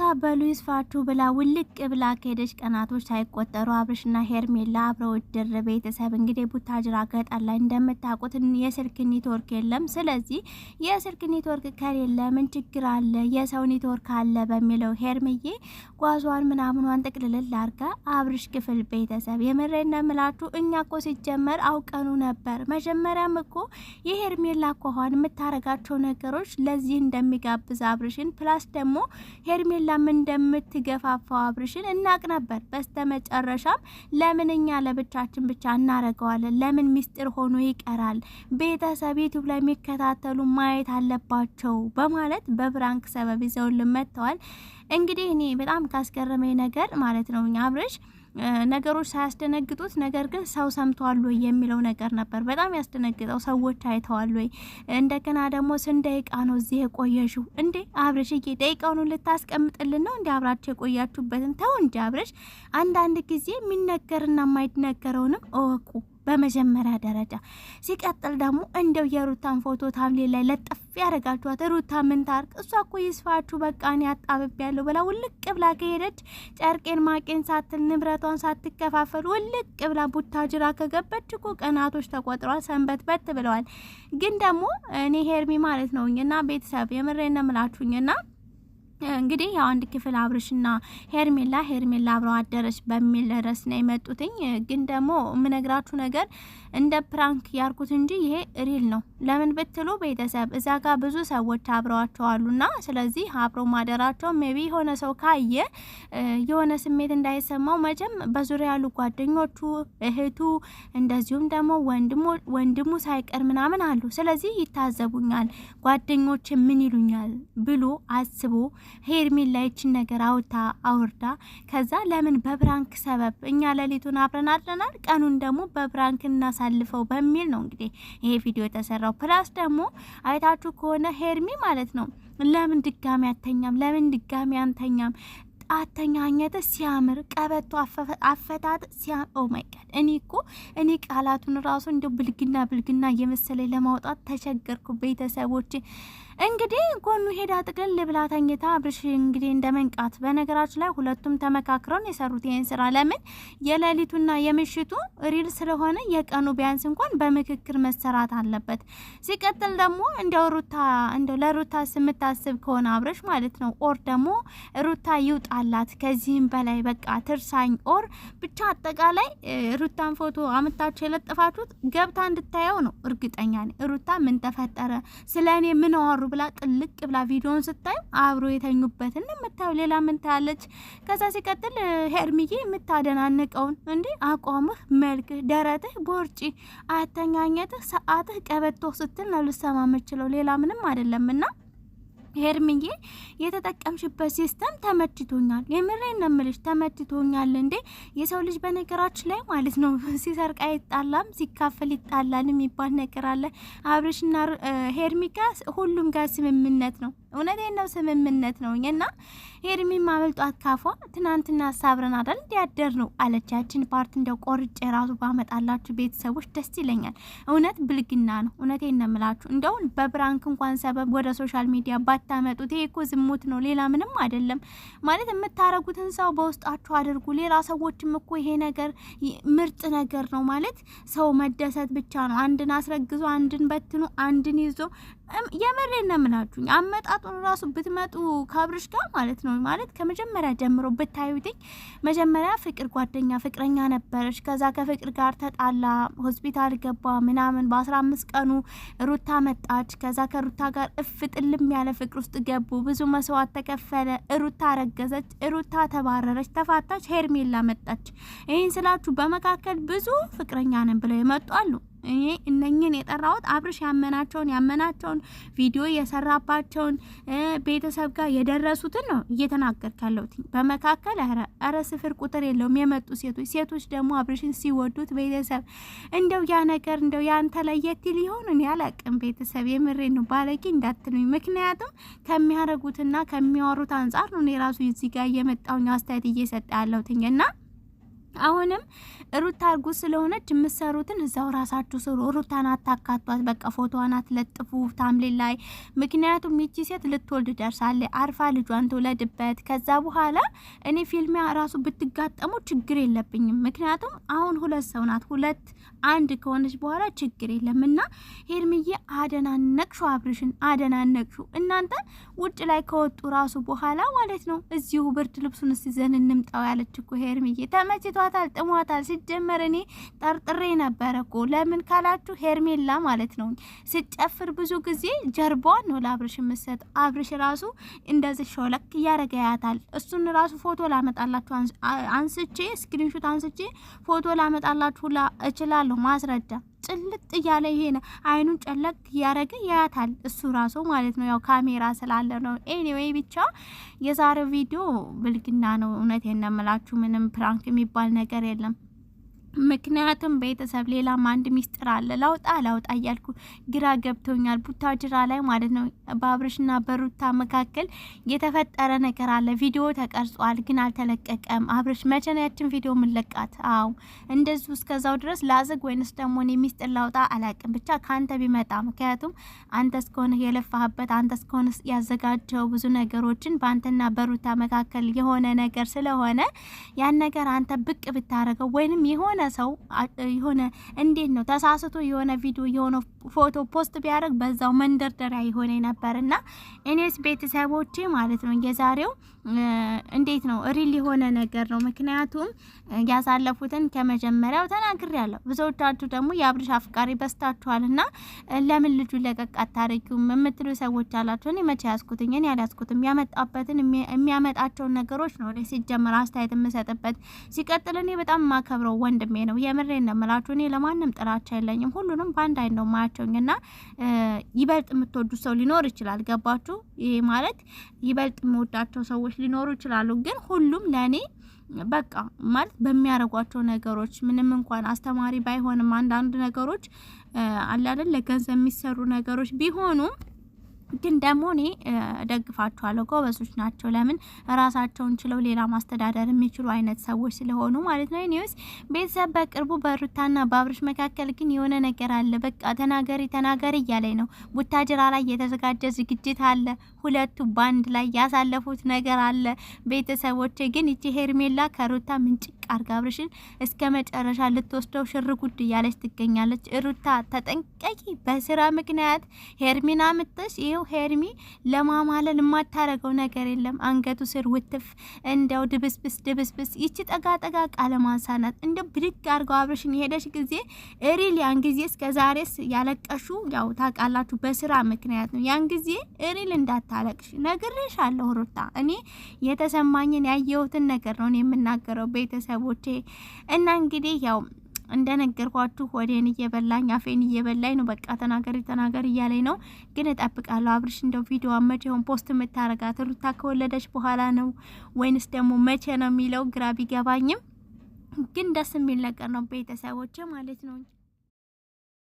ሩታ በሉዊስ ፋቹ ብላ ውልቅ ብላ ከሄደች ቀናቶች ሳይቆጠሩ አብርሽና ሄርሜላ አብረው ድር ቤተሰብ እንግዲህ ቡታጅራ ገጠር ላይ እንደምታውቁት የስልክ ኔትወርክ የለም። ስለዚህ የስልክ ኔትወርክ ከሌለ ምን ችግር አለ? የሰው ኔትወርክ አለ በሚለው ሄርምዬ ጓዟን ምናምኗን ጥቅልልል አርጋ አብርሽ ክፍል ቤተሰብ የምሬን ነው እኛ ኮ ሲጀመር አውቀኑ ነበር። መጀመሪያም እኮ የሄርሜላ ኮሆን የምታረጋቸው ነገሮች ለዚህ እንደሚጋብዝ አብርሽን ፕላስ ደግሞ ሄርሜላ ሄላም እንደምትገፋፋው አብርሽን እናቅ ነበር። በስተመጨረሻም ለምን እኛ ለብቻችን ብቻ እናረገዋለን? ለምን ሚስጥር ሆኖ ይቀራል? ቤተሰብ ዩቱብ ላይ የሚከታተሉ ማየት አለባቸው በማለት በብራንክ ሰበብ ይዘውልን መጥተዋል። እንግዲህ እኔ በጣም ካስገረመኝ ነገር ማለት ነው አብርሽ ነገሮች ሳያስደነግጡት ነገር ግን ሰው ሰምተዋል ወይ የሚለው ነገር ነበር በጣም ያስደነግጠው። ሰዎች አይተዋል ወይ? እንደገና ደግሞ ስንት ደቂቃ ነው እዚህ የቆየሽው እንዴ አብርሽዬ? ደቂቃውን ልታስቀምጥልን ነው እንዲ አብራችሁ የቆያችሁበትን? ተው እንጂ አብርሽ፣ አንዳንድ ጊዜ የሚነገርና የማይነገረውንም እወቁ። በመጀመሪያ ደረጃ። ሲቀጥል ደግሞ እንደው የሩታን ፎቶ ታምሌ ላይ ለጥፍ ያደረጋችኋት ሩታ ምን ታርቅ? እሷ እኮ ይስፋችሁ በቃ እኔ አጣብብ ያለሁ ብላ ውልቅ ብላ ከሄደች ጨርቄን ማቄን ሳትል ንብረቷን ሳትከፋፈል ውልቅ ብላ ቡታጅራ ከገበች እኮ ቀናቶች ተቆጥሯል፣ ሰንበት በት ብለዋል። ግን ደግሞ እኔ ሄርሚ ማለት ነውኝና ቤተሰብ የምሬ ነምላችሁኝና እንግዲህ ያው አንድ ክፍል አብርሽና ሄርሜላ ሄርሜላ አብረው አደረች በሚል ርዕስ ነው የመጡትኝ። ግን ደግሞ የምነግራችሁ ነገር እንደ ፕራንክ ያርኩት እንጂ ይሄ ሪል ነው። ለምን ብትሉ ቤተሰብ እዛ ጋር ብዙ ሰዎች አብረዋቸዋሉና ስለዚህ አብሮ ማደራቸው ሜቢ የሆነ ሰው ካየ የሆነ ስሜት እንዳይሰማው መቼም በዙሪያ ያሉ ጓደኞቹ፣ እህቱ እንደዚሁም ደግሞ ወንድሙ ሳይቀር ምናምን አሉ። ስለዚህ ይታዘቡኛል፣ ጓደኞች ምን ይሉኛል ብሎ አስቦ ሄርሜላ ይችን ነገር አውታ አውርዳ ከዛ ለምን በብራንክ ሰበብ እኛ ሌሊቱን አብረን አድረናል፣ ቀኑን ደግሞ በብራንክ እናሳልፈው በሚል ነው እንግዲህ ይሄ ቪዲዮ የተሰራው። ፕላስ ደግሞ አይታችሁ ከሆነ ሄርሚ ማለት ነው ለምን ድጋሚ አተኛም? ለምን ድጋሚ አንተኛም? አተኛኘት ሲያምር ቀበቶ አፈታት ሲያም ኦ ማይ ጋድ እኔ እኮ እኔ ቃላቱን ራሱ እንዲያው ብልግና ብልግና እየመሰለ ለማውጣት ተቸገርኩ ቤተሰቦች እንግዲህ ጎኑ ሄዳ ጥቅል ብላ ተኝታ አብርሽ እንግዲህ እንደ መንቃት። በነገራችን ላይ ሁለቱም ተመካክረውን የሰሩት ይህን ስራ ለምን የሌሊቱና የምሽቱ ሪል ስለሆነ የቀኑ ቢያንስ እንኳን በምክክር መሰራት አለበት። ሲቀጥል ደግሞ እንደው ሩታ እንደው ለሩታ ስምታስብ ከሆነ አብርሽ ማለት ነው ኦር ደግሞ ሩታ ይውጣላት ከዚህም በላይ በቃ ትርሳኝ ኦር ብቻ አጠቃላይ ሩታን ፎቶ አምታችሁ የለጠፋችሁት ገብታ እንድታየው ነው። እርግጠኛ ነኝ ሩታ ምን ተፈጠረ ስለ እኔ ምን አወሩ ብላ ጥልቅ ብላ ቪዲዮን ስታይ አብሮ የተኙበትን የምታየው ሌላ ምን ታያለች? ከዛ ሲቀጥል ሄርሚዬ የምታደናንቀውን እንዴ አቋምህ፣ መልክህ፣ ደረትህ፣ ቦርጪ፣ አተኛኘትህ፣ ሰዓትህ ቀበቶ ስትል ነው ልሰማ የምችለው ሌላ ምንም አይደለምና ሄርምዬ የተጠቀምሽበት ሲስተም ተመችቶኛል። የምሬን ነው የምልሽ፣ ተመችቶኛል። እንዴ የሰው ልጅ በነገራችን ላይ ማለት ነው ሲሰርቅ አይጣላም፣ ሲካፈል ይጣላል የሚባል ነገር አለ። አብርሽና ሄርሚ ጋ ሁሉም ጋር ስምምነት ነው። እውነቴን ነው፣ ስምምነት ነው እና ሄድሚ ማመልጧት ካፏ ትናንትና ሳብረን አዳል እንዲያደር ነው አለቻችን ፓርት እንደ ቆርጭ ራሱ ባመጣላችሁ ቤተሰቦች ደስ ይለኛል። እውነት ብልግና ነው። እውነቴን ነው የምላችሁ። እንደውን በብራንክ እንኳን ሰበብ ወደ ሶሻል ሚዲያ ባታመጡት ይሄ እኮ ዝሙት ነው፣ ሌላ ምንም አይደለም። ማለት የምታረጉትን ሰው በውስጣችሁ አድርጉ። ሌላ ሰዎችም እኮ ይሄ ነገር ምርጥ ነገር ነው ማለት ሰው መደሰት ብቻ ነው። አንድን አስረግዞ፣ አንድን በትኑ፣ አንድን ይዞ የምሬን ነው የምላችሁ አመጣ አወጣጡን ራሱ ብትመጡ ከአብርሽ ጋር ማለት ነው ማለት ከመጀመሪያ ጀምሮ ብታዩትኝ መጀመሪያ ፍቅር ጓደኛ ፍቅረኛ ነበረች። ከዛ ከፍቅር ጋር ተጣላ፣ ሆስፒታል ገባ ምናምን። በአስራ አምስት ቀኑ ሩታ መጣች። ከዛ ከሩታ ጋር እፍጥልም ያለ ፍቅር ውስጥ ገቡ። ብዙ መስዋዕት ተከፈለ። ሩታ ረገዘች፣ ሩታ ተባረረች፣ ተፋታች፣ ሄርሜላ መጣች። ይህን ስላችሁ በመካከል ብዙ ፍቅረኛ ነን ብለው የመጡ አሉ። እኔ እነኝን የጠራሁት አብርሽ ያመናቸውን ያመናቸውን ቪዲዮ የሰራባቸውን ቤተሰብ ጋር የደረሱትን ነው እየተናገር ካለሁት። በመካከል ረ ስፍር ቁጥር የለውም የመጡ ሴቶች። ሴቶች ደግሞ አብርሽን ሲወዱት ቤተሰብ እንደው ያ ነገር እንደው ያንተ ለየት ሊሆን እኔ አላቅም። ቤተሰብ የምሬ ነው፣ ባለጌ እንዳትሉኝ። ምክንያቱም ከሚያደርጉትና ከሚያወሩት አንጻር ነው እኔ ራሱ እዚህ ጋር እየመጣሁኝ አስተያየት እየሰጠ ያለሁትኝ እና አሁንም ሩታ እርጉዝ ስለሆነች የምሰሩትን እዛው ራሳችሁ ስሩ። ሩታን አታካቷት። በቃ ፎቶዋን አትለጥፉ ታምሌ ላይ። ምክንያቱም ይቺ ሴት ልትወልድ ደርሳለች። አርፋ ልጇን ትውለድበት። ከዛ በኋላ እኔ ፊልሚያ ራሱ ብትጋጠሙ ችግር የለብኝም። ምክንያቱም አሁን ሁለት ሰው ናት። ሁለት አንድ ከሆነች በኋላ ችግር የለም። እና ሄርምዬ አደናነቅሹ፣ አብርሽን አደናነቅሹ። እናንተ ውጭ ላይ ከወጡ ራሱ በኋላ ማለት ነው እዚሁ ብርድ ልብሱን እስቲ ዘን እንምጣው ያለች እኮ ሄርምዬ ተመችቶ ከብቷታል፣ ጥሟታል። ሲጀመር እኔ ጠርጥሬ ነበረ እኮ ለምን ካላችሁ ሄርሜላ ማለት ነው ስጨፍር ብዙ ጊዜ ጀርቧን ነው ለአብርሽ የምሰጥ። አብርሽ ራሱ እንደዚህ ሾለክ እያደረገ ያታል። እሱን ራሱ ፎቶ ላመጣላችሁ አንስቼ ስክሪንሹት አንስቼ ፎቶ ላመጣላችሁ እችላለሁ ማስረዳ ጭልጥ እያለ ይሄ አይኑን ጨለቅ እያደረገ ያያታል። እሱ ራሱ ማለት ነው ያው ካሜራ ስላለ ነው። ኤኒዌይ ብቻ የዛሬው ቪዲዮ ብልግና ነው። እውነት ነው የምላችሁ። ምንም ፕራንክ የሚባል ነገር የለም። ምክንያቱም ቤተሰብ ሌላም አንድ ሚስጥር አለ። ላውጣ ላውጣ እያልኩ ግራ ገብቶኛል። ቡታ ጅራ ላይ ማለት ነው በአብርሽና በሩታ መካከል የተፈጠረ ነገር አለ። ቪዲዮ ተቀርጿል፣ ግን አልተለቀቀም። አብርሽ መቼ ነው ያችን ቪዲዮ ምለቃት? አዎ እንደዙ እስከዛው ድረስ ላዝግ ወይንስ ደግሞ እኔ ሚስጥር ላውጣ አላቅም። ብቻ ከአንተ ቢመጣ ምክንያቱም አንተ እስከሆነ የለፋህበት አንተ እስከሆነ ያዘጋጀው ብዙ ነገሮችን በአንተና በሩታ መካከል የሆነ ነገር ስለሆነ ያን ነገር አንተ ብቅ ብታረገው ወይንም የሆነ የሆነ ሰው የሆነ እንዴት ነው ተሳስቶ የሆነ ቪዲዮ የሆነ ፎቶ ፖስት ቢያደርግ በዛው መንደርደሪያ የሆነ ነበር እና እኔስ ቤተሰቦቼ ማለት ነው የዛሬው እንዴት ነው ሪል የሆነ ነገር ነው። ምክንያቱም ያሳለፉትን ከመጀመሪያው ተናግር ያለው ብዙዎቻችሁ ደግሞ የአብርሽ አፍቃሪ በስታችኋል እና ለምን ልጁ ለቀቅ አታደርጊውም የምትሉ ሰዎች አላችሁ። እኔ መቼ ያስኩትኝ እኔ ያልያስኩትም ያመጣበትን የሚያመጣቸውን ነገሮች ነው ሲጀመር አስተያየት የምሰጥበት ሲቀጥል እኔ በጣም ማከብረው ወንድም ወንድሜ ነው። የምሬን ነው እኔ ለማንም ጥላቻ የለኝም። ሁሉንም በአንድ አይን ነው ማያቸውኝ ይበልጥ የምትወዱ ሰው ሊኖር ይችላል። ገባችሁ? ይሄ ማለት ይበልጥ የምወዳቸው ሰዎች ሊኖሩ ይችላሉ። ግን ሁሉም ለእኔ በቃ ማለት በሚያደርጓቸው ነገሮች ምንም እንኳን አስተማሪ ባይሆንም አንዳንድ ነገሮች አለ አይደል ለገንዘብ የሚሰሩ ነገሮች ቢሆኑም ግን ደግሞ እኔ ደግፋችኋለሁ። ጎበዞች ናቸው። ለምን ራሳቸውን ችለው ሌላ ማስተዳደር የሚችሉ አይነት ሰዎች ስለሆኑ ማለት ነው። ኒውስ ቤተሰብ በቅርቡ በሩታና በአብርሽ መካከል ግን የሆነ ነገር አለ። በቃ ተናገሪ ተናገሪ እያለኝ ነው። ቡታጅራ ላይ የተዘጋጀ ዝግጅት አለ። ሁለቱ ባንድ ላይ ያሳለፉት ነገር አለ። ቤተሰቦች ግን ይቺ ሄርሜላ ከሩታ ምንጭ አርጋ አብርሽን እስከ መጨረሻ ልትወስደው ሽር ጉድ እያለች ትገኛለች። ሩታ ተጠንቀቂ፣ በስራ ምክንያት ሄርሚና ምትስ ይኸው ሄርሚ ለማማለል የማታረገው ነገር የለም። አንገቱ ስር ውትፍ እንደው ድብስብስ ድብስብስ ይቺ ጠጋጠጋ ቃለ ማንሳናት እንደው ብድግ አርገው አብርሽን የሄደች ጊዜ እሪል ያን ጊዜ እስከ ዛሬስ ያለቀሹ ያው ታውቃላችሁ፣ በስራ ምክንያት ነው። ያን ጊዜ እሪል እንዳታለቅሽ ነግሬሻለሁ ሩታ። እኔ የተሰማኝን ያየሁትን ነገር ነው የምናገረው ቤተሰብ ቤተሰቦቼ እና እንግዲህ ያው እንደነገርኳችሁ ወዴን እየበላኝ አፌን እየበላኝ ነው። በቃ ተናገሪ ተናገር እያለኝ ነው፣ ግን እጠብቃለሁ። አብርሽ እንደው ቪዲዮ መቼ ሆን ፖስት የምታረጋት ሩታ ከወለደች በኋላ ነው ወይንስ ደግሞ መቼ ነው የሚለው ግራ ቢገባኝም፣ ግን ደስ የሚል ነገር ነው ቤተሰቦቼ ማለት ነው።